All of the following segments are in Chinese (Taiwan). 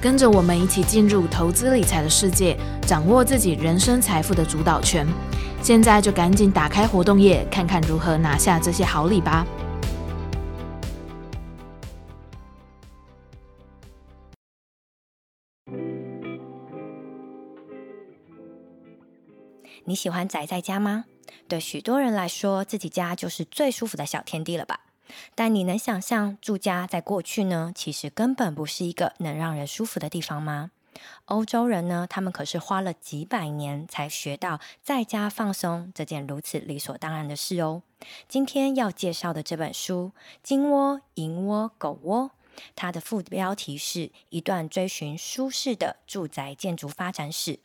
跟着我們一起進入投資理財的世界，掌握自己人生財富的主導權。現在就趕緊打開活動頁，看看如何拿下這些好禮吧！你喜歡宅在家嗎？對許多人來說，自己家就是最舒服的小天地了吧。但你能想象住家在過去呢，其實根本不是一個能讓人舒服的地方嗎？歐洲人呢，他們可是花了幾百年才學到在家放鬆這件如此理所當然的事哦。今天要介紹的這本書《金窩、銀窩、狗窩》，它的副標題是一段追尋舒適的住宅建築發展史，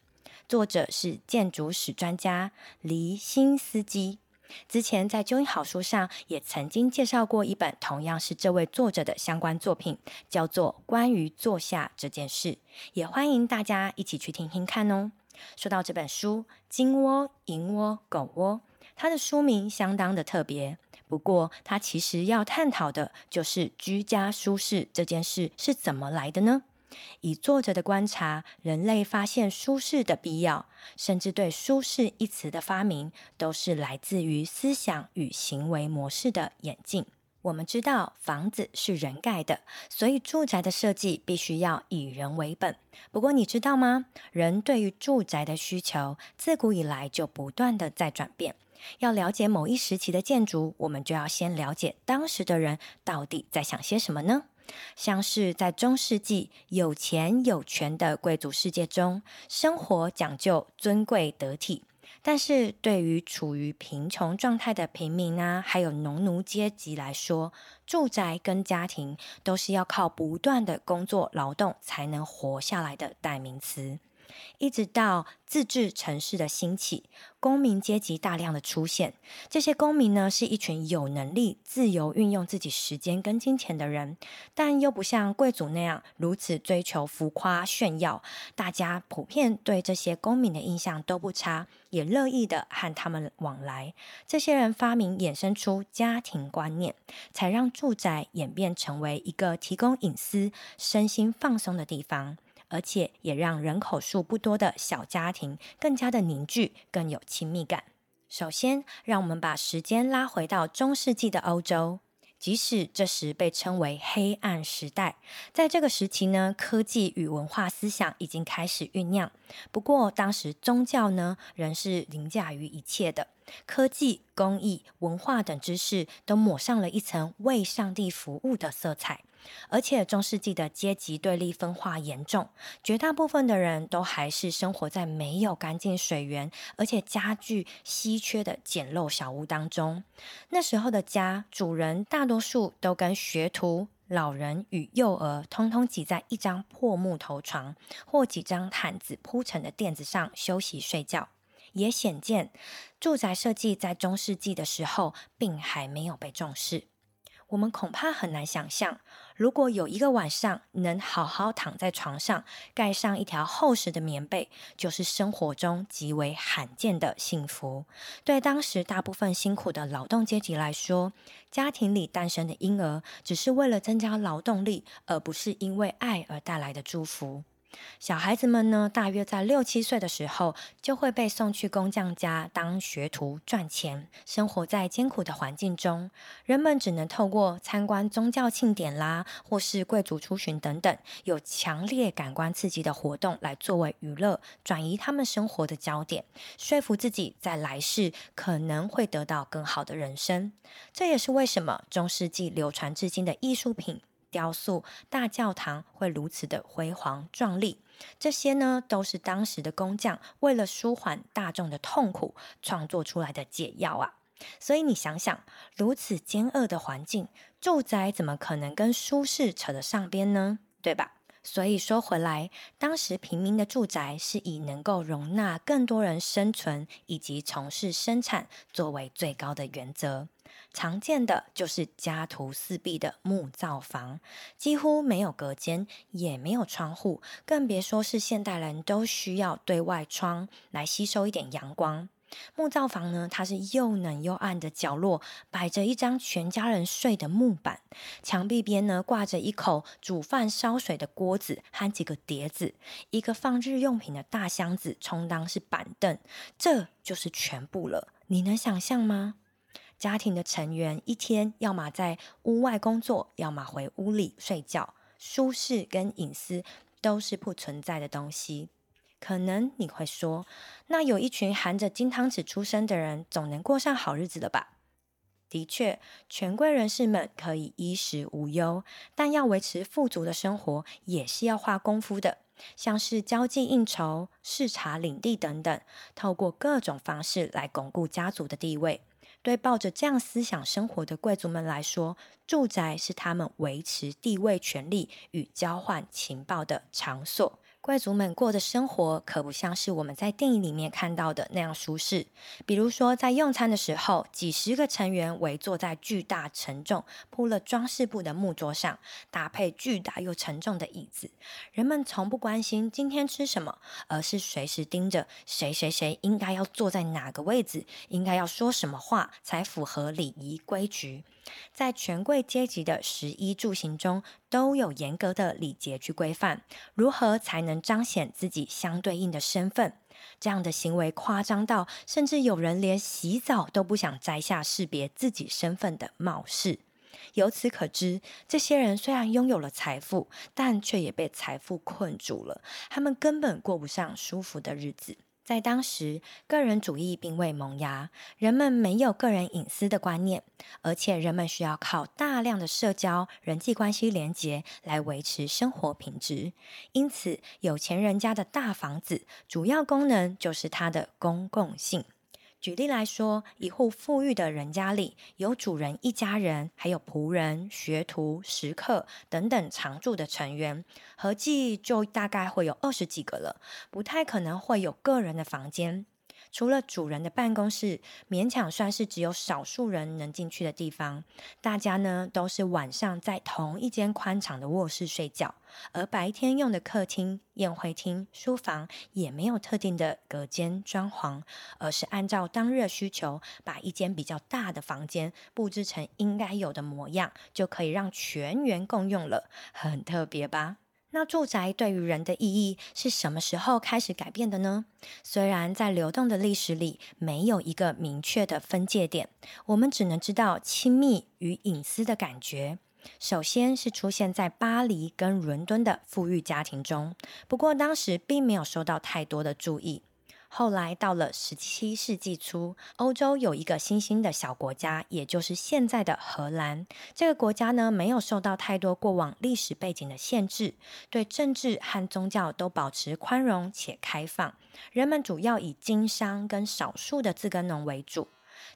作者是建築史專家黎辛斯基。之前在《精英好書》上也曾經介紹過一本同樣是這位作者的相關作品，叫做《關於坐下這件事》，也歡迎大家一起去聽聽看哦。說到這本書，《金窩銀窩狗窩》，它的書名相當的特別，不過它其實要探討的就是居家舒適這件事是怎麼來的呢？以作者的觀察，人類發現舒適的必要，甚至對“舒適”一詞的發明，都是來自於思想與行為模式的演進。我們知道，房子是人蓋的，所以住宅的設計必須要以人為本。不過，你知道嗎？人對於住宅的需求，自古以來就不斷地在轉變。要了解某一時期的建築，我們就要先了解當時的人到底在想些什麼呢？像是在中世紀，有錢有權的貴族世界中，生活講究尊貴得體；但是，對於處於貧窮狀態的平民啊，還有農奴階級來說，住宅跟家庭都是要靠不斷的工作勞動才能活下來的代名詞。一直到自治城市的興起，公民階級大量的出現。這些公民呢，是一群有能力、自由運用自己時間跟金錢的人，但又不像貴族那樣如此追求浮誇炫耀。大家普遍對這些公民的印象都不差，也樂意的和他們往來。這些人發明衍生出家庭觀念，才讓住宅演變成為一個提供隱私、身心放鬆的地方。而且也讓人口數不多的小家庭更加的凝聚，更有親密感。首先，讓我們把時間拉回到中世紀的歐洲，即使這時被稱為黑暗時代，在這個時期呢，科技與文化思想已經開始醞釀。不過，當時宗教呢，仍是凌駕於一切的，科技、工藝、文化等知識都抹上了一層為上帝服務的色彩。而且中世紀的階級對立分化嚴重，絕大部分的人都還是生活在沒有乾淨水源，而且家具稀缺的簡陋小屋當中。那時候的家主人大多數都跟學徒、老人與幼兒，通通擠在一張破木頭床或幾張毯子鋪成的墊子上休息睡覺。也顯見，住宅設計在中世紀的時候，並還沒有被重視。我們恐怕很難想象，如果有一個晚上能好好躺在床上，蓋上一條厚實的棉被，就是生活中極為罕見的幸福。對當時大部分辛苦的勞動階級來說，家庭裡誕生的嬰兒只是為了增加勞動力，而不是因為愛而帶來的祝福。小孩子們呢，大約在六七歲的時候，就會被送去工匠家當學徒賺錢，生活在艱苦的環境中。人們只能透過參觀宗教慶典啦，或是貴族出巡等等，有強烈感官刺激的活動來作為娛樂，轉移他們生活的焦點，說服自己在來世可能會得到更好的人生。這也是為什麼中世紀流傳至今的藝術品，雕塑、大教堂會如此的輝煌壯麗，這些呢都是當時的工匠為了舒緩大眾的痛苦創作出來的解藥啊！所以你想想，如此艱惡的環境，住宅怎麼可能跟舒適扯得上邊呢？對吧？所以說回來，當時平民的住宅是以能夠容納更多人生存以及從事生產作為最高的原則。常見的就是家徒四壁的木造房，幾乎沒有隔間，也沒有窗戶，更別說是現代人都需要對外窗來吸收一點陽光。木造房呢，它是又冷又暗的角落，擺着一張全家人睡的木板，牆壁邊呢掛着一口煮飯燒水的鍋子和幾個碟子，一個放日用品的大箱子充當是板凳，這就是全部了。你能想象嗎？家庭的成員一天要麼在屋外工作，要麼回屋裡睡覺，舒適跟隱私都是不存在的東西。可能你會說，那有一群含着金湯匙出生的人，總能過上好日子了吧？的確，權貴人士們可以衣食無憂，但要維持富足的生活也是要花功夫的，像是交際應酬、視察領地等等，透過各種方式來鞏固家族的地位。對抱着這樣思想生活的貴族們來說，住宅是他們維持地位、權力與交換情報的場所。貴族們過的生活可不像是我們在電影裡面看到的那樣舒適。比如說，在用餐的時候，幾十個成員圍坐在巨大、沉重、鋪了裝飾布的木桌上，搭配巨大又沉重的椅子。人們從不關心今天吃什麼，而是隨時盯着誰誰誰應該要坐在哪個位置，應該要說什麼話才符合禮儀規矩。在權貴階級的食衣住行中，都有嚴格的禮節去規範，如何才能彰顯自己相對應的身份。這樣的行為誇張到，甚至有人連洗澡都不想摘下識別自己身份的帽飾。由此可知，這些人雖然擁有了財富，但卻也被財富困住了，他們根本過不上舒服的日子。在當時，個人主義並未萌芽，人們沒有個人隱私的觀念，而且人們需要靠大量的社交、人際關係連接來維持生活品質。因此，有錢人家的大房子主要功能就是它的公共性。舉例來說，一戶富裕的人家裡有主人一家人，還有僕人、學徒、食客等等常住的成員，合計就大概會有二十幾個了，不太可能會有個人的房間。除了主人的辦公室，勉強算是只有少數人能進去的地方。大家呢都是晚上在同一間寬敞的臥室睡覺，而白天用的客廳、宴會廳、書房也沒有特定的隔間裝潢，而是按照當日需求，把一間比較大的房間布置成應該有的模樣，就可以讓全員共用了。很特別吧？那住宅對於人的意義是什麼時候開始改變的呢？雖然在流動的歷史裡沒有一個明確的分界點，我們只能知道親密與隱私的感覺。首先是出現在巴黎跟倫敦的富裕家庭中，不過當時並沒有受到太多的注意。後來到了十七世紀初，歐洲有一個新興的小國家，也就是現在的荷蘭。這個國家呢，沒有受到太多過往歷史背景的限制，對政治和宗教都保持寬容且開放。人們主要以經商跟少數的自耕農為主。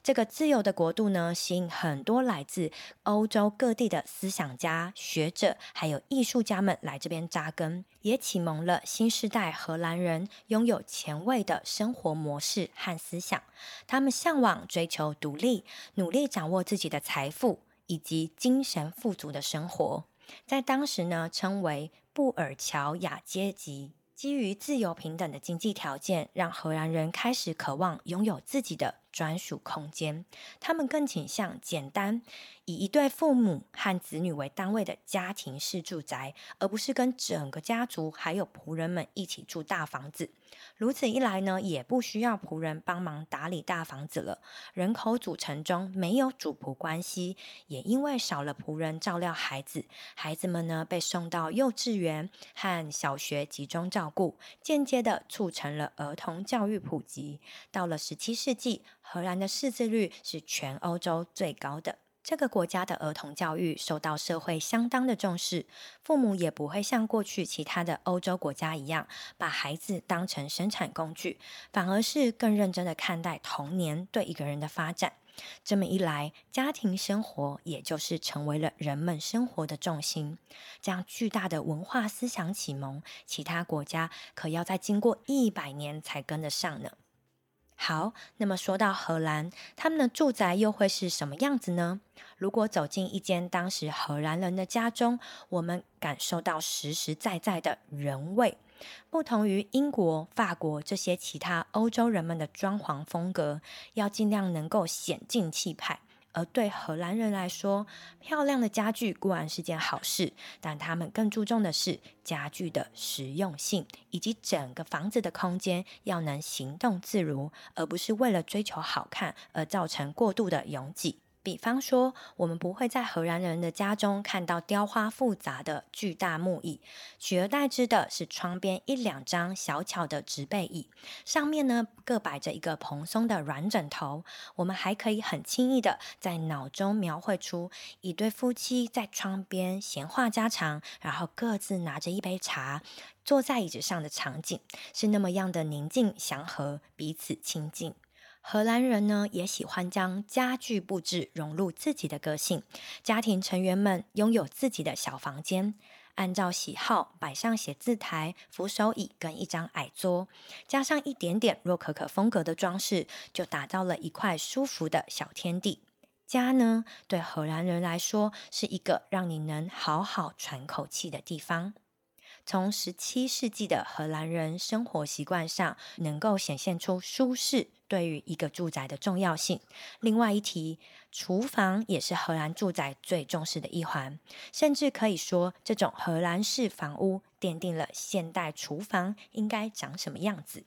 這個自由的國度呢，吸引很多來自歐洲各地的思想家、學者，還有藝術家們來這邊扎根，也啟蒙了新時代荷蘭人擁有前衛的生活模式和思想。他們向往追求獨立，努力掌握自己的財富以及精神富足的生活，在當時呢，稱為布爾喬亞階級。基於自由平等的經濟條件，讓荷蘭人開始渴望擁有自己的。專屬空間，他們更傾向簡單，以一對父母和子女為單位的家庭式住宅，而不是跟整個家族還有僕人們一起住大房子。如此一來呢，也不需要僕人幫忙打理大房子了。人口組成中沒有主僕關係，也因為少了僕人照料孩子，孩子們呢被送到幼稚園和小學集中照顧，間接地促成了兒童教育普及。到了十七世紀。荷蘭的識字率是全歐洲最高的，這個國家的兒童教育受到社會相當的重視，父母也不會像過去其他的歐洲國家一樣，把孩子當成生產工具，反而是更認真的看待童年對一個人的發展。這麼一來，家庭生活也就是成為了人們生活的重心。這樣鉅大的文化思想啟蒙，其他國家可要再經過一百年才跟得上呢。好，那麼說到荷蘭，他們的住宅又會是什麼樣子呢？如果走進一間當時荷蘭人的家中，我們感受到實實在在的人味，不同於英國、法國這些其他歐洲人們的裝潢風格，要盡量能夠顯盡氣派。而對荷蘭人來說，漂亮的家具固然是件好事，但他們更注重的是家具的實用性，以及整個房子的空間要能行動自如，而不是為了追求好看而造成過度的擁擠。比方說，我們不會在荷蘭人的家中看到雕花複雜的巨大木椅，取而代之的是窗邊一兩張小巧的植被椅，上面呢各擺着一個蓬鬆的軟枕頭。我們還可以很輕易的在腦中描繪出一對夫妻在窗邊閒話家常，然後各自拿着一杯茶坐在椅子上的場景，是那麼樣的寧靜祥和，彼此親近。荷蘭人呢，也喜歡將家具布置融入自己的個性。家庭成員們擁有自己的小房間，按照喜好擺上寫字台、扶手椅跟一張矮桌，加上一點點洛可可風格的裝飾，就打造了一塊舒服的小天地。家呢，對荷蘭人來說，是一個讓你能好好喘口氣的地方。從十七世紀的荷蘭人生活習慣上，能夠顯現出舒適對於一個住宅的重要性。另外一提，廚房也是荷蘭住宅最重視的一環，甚至可以說，這種荷蘭式房屋奠定了現代廚房應該長什麼樣子。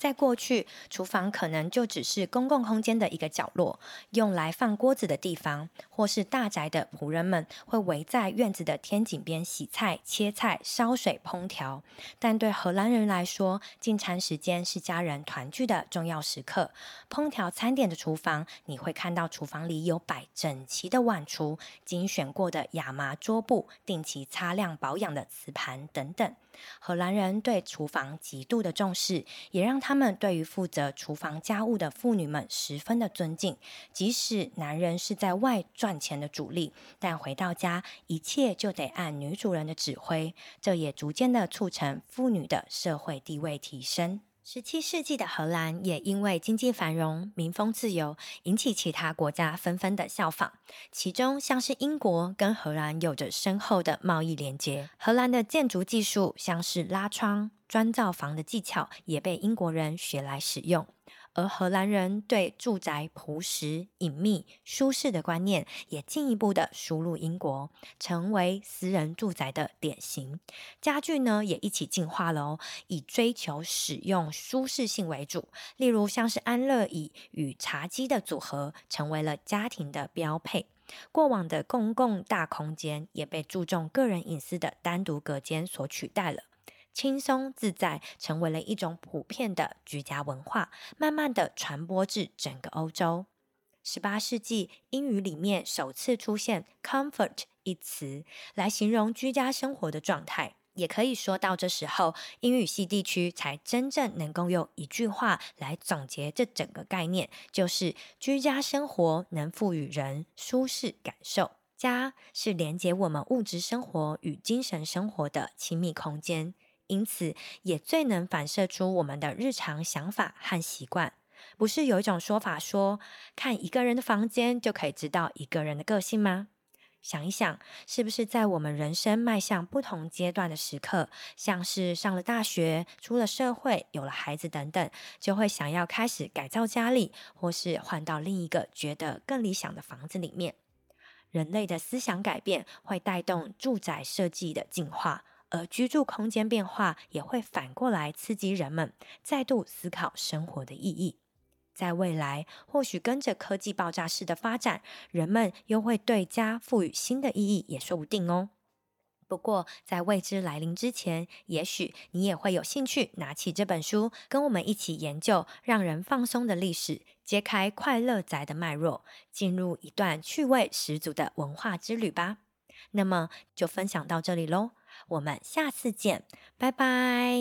在過去，廚房可能就只是公共空間的一個角落，用來放鍋子的地方，或是大宅的僕人們會圍在院子的天井邊洗菜、切菜、燒水、烹調。但對荷蘭人來說，進餐時間是家人團聚的重要時刻。烹調餐點的廚房，你會看到廚房裡有擺整齊的碗櫥、精選過的亞麻桌布、定期擦亮保養的瓷盤等等。荷蘭人對廚房極度的重視，也讓他們對於負責廚房家務的婦女們十分的尊敬。即使男人是在外賺錢的主力，但回到家一切就得按女主人的指揮，這也逐漸的促成婦女的社會地位提升。十七世紀的荷蘭也因為經濟繁榮、民風自由，引起其他國家紛紛的效仿。其中像是英國跟荷蘭有着深厚的貿易連接，荷蘭的建築技術，像是拉窗、磚造房的技巧，也被英國人學來使用。而荷蘭人對住宅樸實、隱祕、舒適的觀念也進一步的輸入英國，成為私人住宅的典型。家具呢，也一起進化了哦，以追求使用舒適性為主。例如，像是安樂椅與茶几的組合，成為了家庭的標配。過往的公共大空間也被注重個人隱私的單獨隔間所取代了。輕鬆自在成為了一種普遍的居家文化，慢慢地傳播至整個歐洲。十八世紀，英語裡面首次出現 “comfort” 一詞來形容居家生活的狀態。也可以說到這時候，英語系地區才真正能夠用一句話來總結這整個概念，就是居家生活能賦予人舒適感受。家是連接我們物質生活與精神生活的親密空間。因此，也最能反射出我們的日常想法和習慣。不是有一種說法說，看一個人的房間就可以知道一個人的個性嗎？想一想，是不是在我們人生邁向不同階段的時刻，像是上了大學、出了社會、有了孩子等等，就會想要開始改造家裡，或是換到另一個覺得更理想的房子裡面？人類的思想改變會帶動住宅設計的進化。而居住空間變化也會反過來刺激人們再度思考生活的意義。在未來，或許跟着科技爆炸式的發展，人們又會對家賦予新的意義，也說不定哦。不過，在未知來臨之前，也許你也會有興趣拿起這本書，跟我們一起研究讓人放鬆的歷史，揭開快樂宅的脈絡，進入一段趣味十足的文化之旅吧。那麼，就分享到這裡嘍。我們下次見，拜拜。